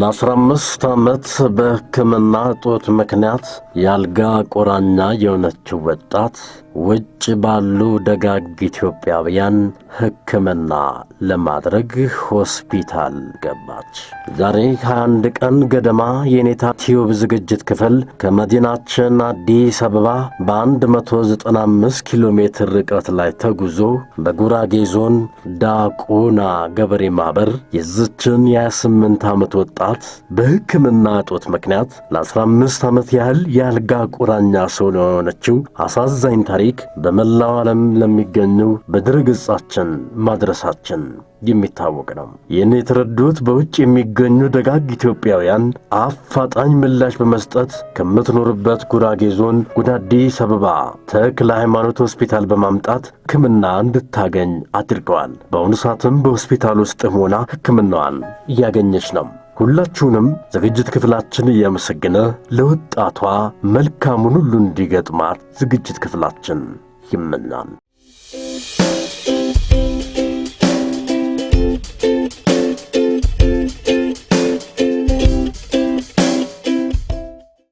ለ15 ዓመት በሕክምና እጦት ምክንያት የአልጋ ቁራኛ የሆነችው ወጣት ውጭ ባሉ ደጋግ ኢትዮጵያውያን ሕክምና ለማድረግ ሆስፒታል ገባች። ዛሬ ከአንድ ቀን ገደማ የኔታ ቲዩብ ዝግጅት ክፍል ከመዲናችን አዲስ አበባ በ195 ኪሎ ሜትር ርቀት ላይ ተጉዞ በጉራጌ ዞን ዳቆና ገበሬ ማበር የዝችን የ28 ዓመት ወጣት በሕክምና እጦት ምክንያት ለ15 ዓመት ያህል የአልጋ ቁራኛ ሰው ለሆነችው አሳዛኝ ታሪክ በመላው ዓለም ለሚገኙ በድረገጻችን ማድረሳችን የሚታወቅ ነው። ይህን የተረዱት በውጭ የሚገኙ ደጋግ ኢትዮጵያውያን አፋጣኝ ምላሽ በመስጠት ከምትኖርበት ጉራጌ ዞን ወደ አበባ ተክለ ሃይማኖት ሆስፒታል በማምጣት ሕክምና እንድታገኝ አድርገዋል። በአሁኑ ሰዓትም በሆስፒታል ውስጥ ሆና ሕክምናዋን እያገኘች ነው። ሁላችሁንም ዝግጅት ክፍላችን እያመሰገነ ለወጣቷ መልካሙን ሁሉ እንዲገጥማት ዝግጅት ክፍላችን ይመኛል።